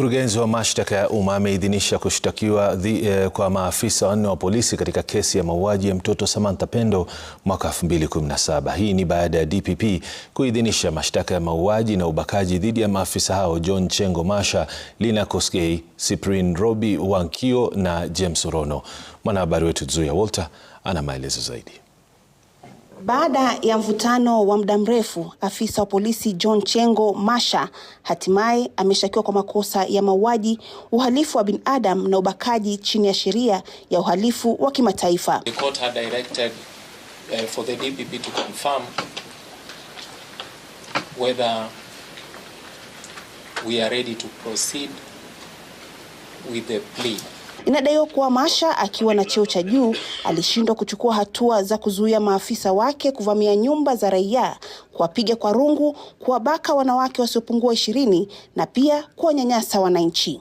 Mkurugenzi wa mashtaka ya umma ameidhinisha kushtakiwa eh, kwa maafisa wanne wa polisi katika kesi ya mauaji ya mtoto Samantha Pendo mwaka 2017. Hii ni baada ya DPP kuidhinisha mashtaka ya mauaji na ubakaji dhidi ya maafisa hao John Chengo Masha, Lina Koskei, Cyprian Robi Wankio na James Orono. Mwanahabari wetu Zuya Walter ana maelezo zaidi. Baada ya mvutano wa muda mrefu, afisa wa polisi John Chengo Masha hatimaye ameshtakiwa kwa makosa ya mauaji, uhalifu wa binadamu na ubakaji chini ya sheria ya uhalifu wa kimataifa. The court had directed uh, for the DPP to confirm whether we are ready to proceed with the plea. Inadaiwa kuwa Masha akiwa na cheo cha juu alishindwa kuchukua hatua za kuzuia maafisa wake kuvamia nyumba za raia, kuwapiga kwa rungu, kuwabaka wanawake wasiopungua ishirini na pia kuwanyanyasa wananchi.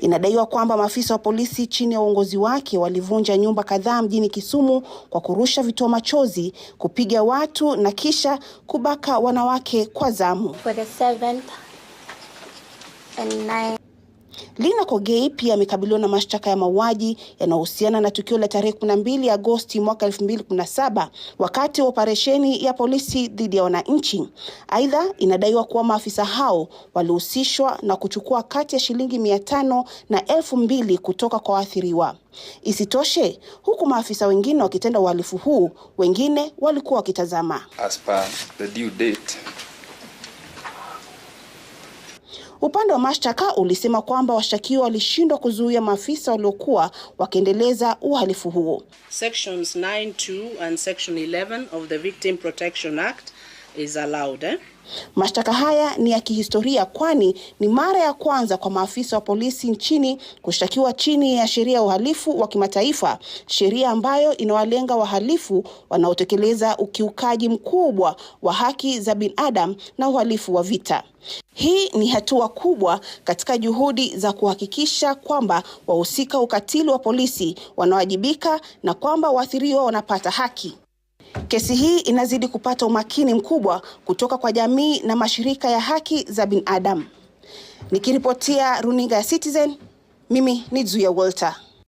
Inadaiwa kwamba maafisa wa polisi chini ya uongozi wake walivunja nyumba kadhaa mjini Kisumu kwa kurusha vitoa machozi, kupiga watu na kisha kubaka wanawake kwa zamu. 2009. Lina Kogei pia amekabiliwa na mashtaka ya mauaji yanayohusiana na tukio la tarehe 12 Agosti mwaka 2017 wakati wa operesheni ya polisi dhidi ya wananchi. Aidha, inadaiwa kuwa maafisa hao walihusishwa na kuchukua kati ya shilingi 500 na elfu mbili kutoka kwa waathiriwa. Isitoshe, huku maafisa wengine wakitenda uhalifu huu, wengine walikuwa wakitazama. As per the due date Upande wa mashtaka ulisema kwamba washtakiwa walishindwa kuzuia maafisa waliokuwa wakiendeleza uhalifu huo. Sections 9(2) and section 11 of the Victim Protection Act is allowed, eh? Mashtaka haya ni ya kihistoria kwani ni mara ya kwanza kwa maafisa wa polisi nchini kushtakiwa chini ya sheria ya uhalifu wa kimataifa, sheria ambayo inawalenga wahalifu wanaotekeleza ukiukaji mkubwa wa haki za binadamu na uhalifu wa vita. Hii ni hatua kubwa katika juhudi za kuhakikisha kwamba wahusika ukatili wa polisi wanawajibika na kwamba waathiriwa wanapata haki. Kesi hii inazidi kupata umakini mkubwa kutoka kwa jamii na mashirika ya haki za binadamu. Nikiripotia runinga ya Citizen, mimi ni Zuya Walter.